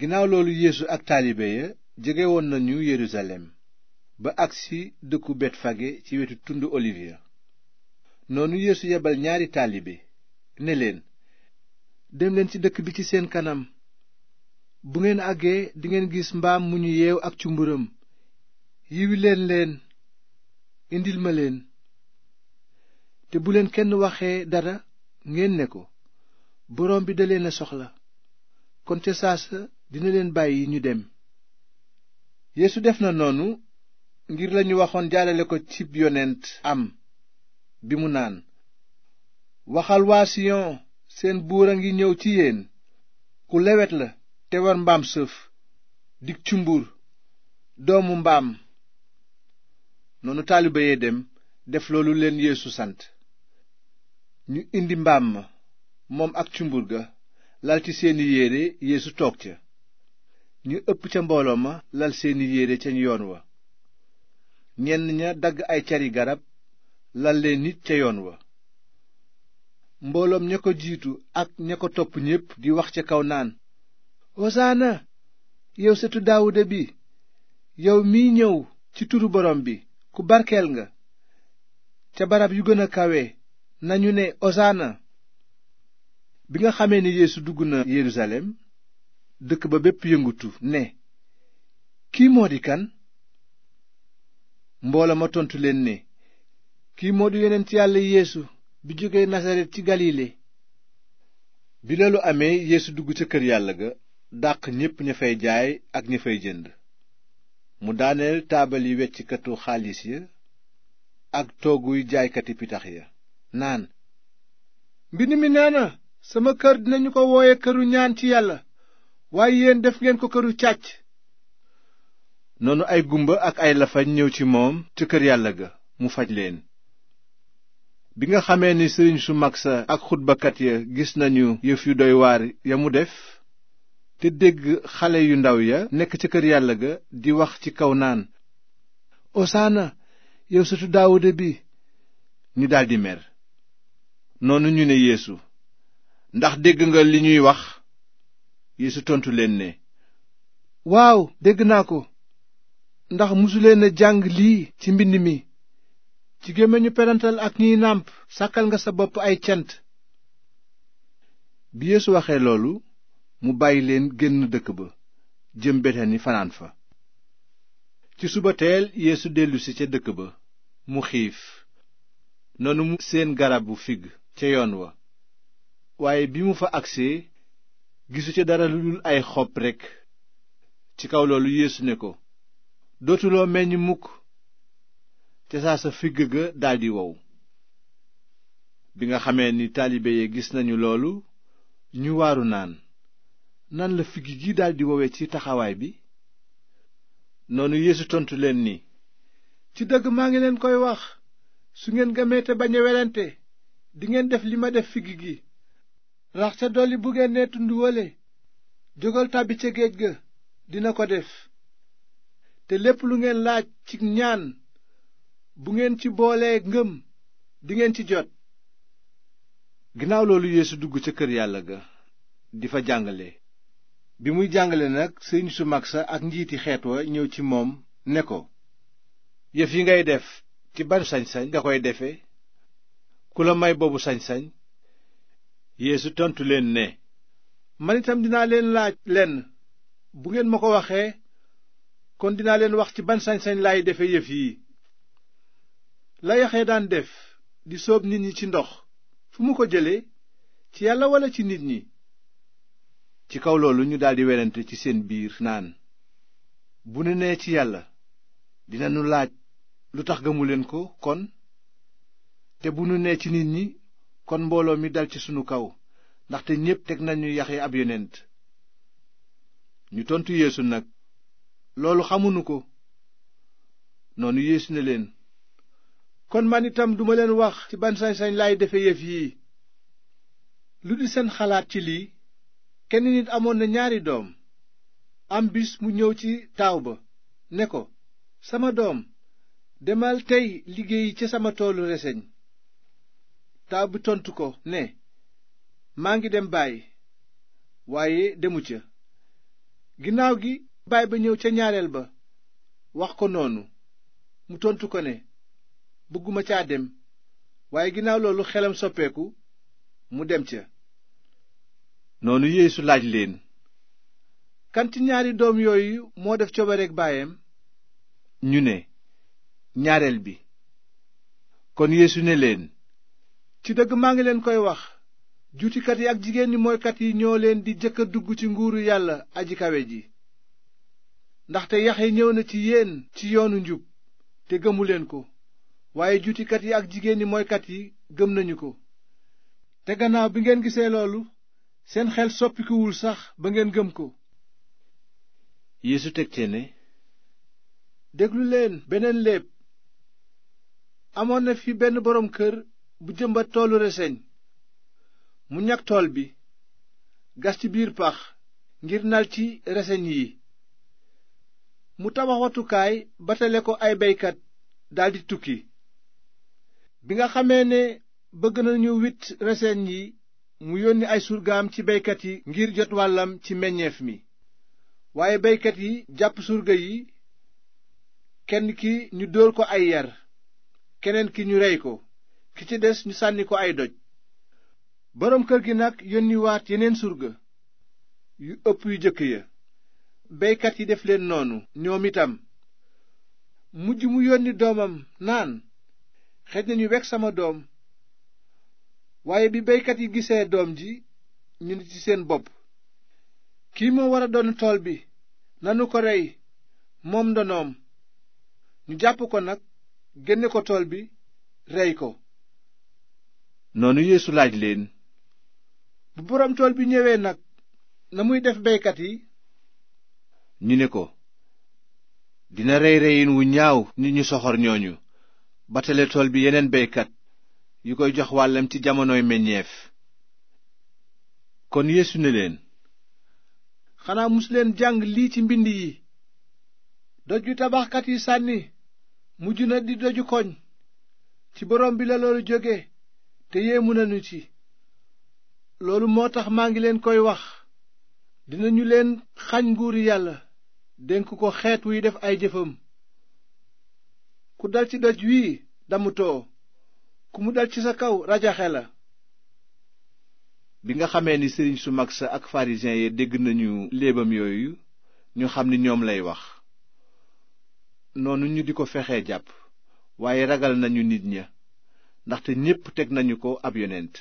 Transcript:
ginnaaw loolu yéesu ak jege woon nañu yerusalem ba agsi dëkku betfage ci wetu tund noonu yéesu yebal ñaari taalibe ne leen demleen ci dëkk bi ci seen kanam bu ngeen àggee dingeen gis mbaam mu ñu yeew ak cumburam yiwi leen leen indil ma leen te bu leen kenn waxee dara ngeen ne ko borom bi da leen a soxla kon te saa sa dina leen bàyyi ñu dem yeesu def na noonu ngir lañu waxoon jaarale ko ci yonent am bi mu naan waxal waa siyon seen buur a ngi ñëw ci yéen ku lawet la te war mbaam sëf dig cumbur doomu mbaam noonu taaliba yee dem def loolu leen yéesu sant ñu indi mbaam ma moom ak cumbur ga lal ci seeni yére yéesu toog ca ñu ëpp ca mbooloo ma lal seeni yére ca yoon wa ñenn ña dagg ay cari garab lal leen nit ca yoon wa mbooloom ña ko jiitu ak ña ko topp ñépp di wax ca kaw naan hosaana yow sëtu bi yow mi ñëw ci turu borom bi ku barkeel nga ca barab yu gën a kawe nañu ne hosaana bi nga xamee ni yeesu dugg na yerusalem dëkk ba bépp yëngutu ne kii moo di kan mbooloo ma tontu leen ne kii moo di ci yàlla yéesu bi jógee nasaret ci galile bi lu amee yeesu dugg ca kër yàlla ga dàq ñépp ña fay jaay ak ña fay jënd mu daaneel taabal yi weccikatu xaalis ya ak tooguy jaaykati pitax ya naan mbind mi nee na sama kër dinañu ko wooye këru ñaan ci yàlla waaye def ngeen ko këru càcc noonu ay gumba ak ay lafañ ñëw ci moom ca kër yàlla ga mu faj leen bi nga xamee ni sëriñ su mag sa ak xutbakat ya gis nañu yëf yu doy waar ya mu def te dégg xale yu ndaw ya nekk ca kër yàlla ga di wax ci kaw naan osaana yow sëtu daawuda bi ñu daldi mer noonu ñu ne yéesu ndax dégg nga li ñuy wax yeesu tontu leen ne waaw dégg naa ko ndax musuleen a jàng lii ci mbind mi ci gémmiñu perantal ak ñuy nàmp sàkkal nga sa bopp ay cant bi yeesu waxee loolu mu bàyyi leen génn dëkk ba jëm betani fanaan fa ci suba teel yeesu dellusi ca dëkk ba mu xiif noonu mu seen garabu figg ca yoon wa waaye bi mu fa agsee gisu ca dara lu dul ay xob rekk ci kaw loolu yeesu ne ko dootuloo meññ mukk te saa sa figg ga daldi wow bi nga xamee ni taalibe yi gis nañu loolu ñu waaru naan nan la figg gi daldi wowe ci taxawaay bi noonu yeesu tontu leen ni ci dëgg maa ngi leen koy wax su ngeen gëmee te bañ a werante dingeen def li ma def figg gi rax ca dolli bu ngeen ne tund wale jógal tàbbi ca géej ga dina ko def te lépp lu ngeen laaj ci ñaan bu ngeen ci boolee ngëm dingeen ci jot ginnaaw loolu yeesu dugg ca kër yàlla ga di fa jàngale bi muy jàngale nag sëriñ su mag sa ak njiiti xeet wa ñëw ci moom ne ko yëf yi ngay def ci ban sañ-sañ nga koy defe ku la may boobu sañ-sañ yéesu tontu leen ne man itam dinaa leen laaj lenn bu ngeen ma ko waxee kon dinaa leen wax ci ban sañ-sañ laay defe yëf yi la yaxee daan def di sóob nit ñi ci ndox fu mu ko jële ci yàlla walla ci nit ñi ci kaw loolu ñu daldi werante ci seen biir naan bu nu nee ci yàlla dina nu laaj lu tax gëmuleen ko kon te bu nu nee ci nit ñi kon mbooloo mi dal ci sunu kaw ndaxte ñépp teg nañu Yaxya ab yonent ñu tontu yéesu nag loolu xamuñu ko noonu Yeesu ne leen kon man itam duma leen wax ci ban sañ-sañ laay defe yëf yii lu di seen xalaat ci lii kenn nit amoon na ñaari doom am bis mu ñëw ci taaw ba ne ko sama doom demal tey liggéeyi ca sama toolu reseñ taaw bi tontu ko ne maa ngi dem baay waaye demu ca ginnaaw gi baay ba ñëw ca ñaareel ba wax ko noonu mu tontu ko ne bëgguma caa dem waaye ginnaaw loolu xelam soppeeku mu dem ca noonu yéesu laaj leen kan ci ñaari doom yooyu moo def coobareeg baayam ñu ne ñaareel bi kon yeesu ne leen ci dëgg maa ngi leen koy wax juutikat yi ak jigéen ñi mooykat yi ñoo leen di jëkk dugg ci nguuru yàlla aji kawe ji ndaxte yi ñëw na ci yéen ci yoonu njub te gëmu leen ko waaye juutikat yi ak jigéen ñi mooykat yi gëm nañu ko te gannaaw bi ngeen gisee loolu seen xel soppikuwul sax ba ngeen gëm ko Yeesu teg ci ne déglu leen beneen léeb amoon na fi benn boroom kër bu jëmbat toolu reseñ mu ñag tool bi gas ci biir pax ngir nal ci reseñ yi mu tabax watukaay batale ko ay baykat daldi tukki bi nga xamee ne bëgg nañu wit reseñ yi mu yónni ay surgaam ci baykat yi ngir jot wàllam ci meññeef mi waaye baykat yi jàpp surga yi kenn ki ñu dóor ko ay yar keneen ki ñu rey ko ki ci des ñu sànni ko ay doj boroom kër gi nag yónniwaat yeneen surga yu ëpp yu jëkk ya beykat yi def leen noonu ñoom itam mujj mu yónni doomam naan xej nañu wekk sama doom waaye bi beykat yi gisee doom ji ñu ni ci seen bopp kii moo war a doon tool bi nanu ko rey moom ndonoom ñu jàpp ko nag génne ko tool bi rey ko noonu yéesu laaj leen bu boroom tool bi ñëwee nag na muy def baykat yi ñu ne ko dina rey reyin wu ñaaw nit ñu soxor ñooñu batale tool bi yeneen baykat yu koy jox wàllam ci jamonoy meññeef kon Yeesu ne leen xanaa musuleen jàng lii ci mbind yi doju tabaxkat yi sànni mujj na di doju koñ ci borom bi la loolu jóge te yéemu nañu ci loolu moo tax maa ngi leen koy wax dinañu leen xañ yi yàlla dénk ko xeet wuy def ay jëfam ku dal ci doj wii damu ku mu dal ci sa kaw rajaxe la bi nga xamee ni sëriñ su mag sa ak farisiyen yi dégg nañu leebam yooyu ñu xam ni ñoom lay wax noonu ñu di ko fexee jàpp waaye ragal nañu nit ña ndaxte ñépp teg nañu ko ab yonent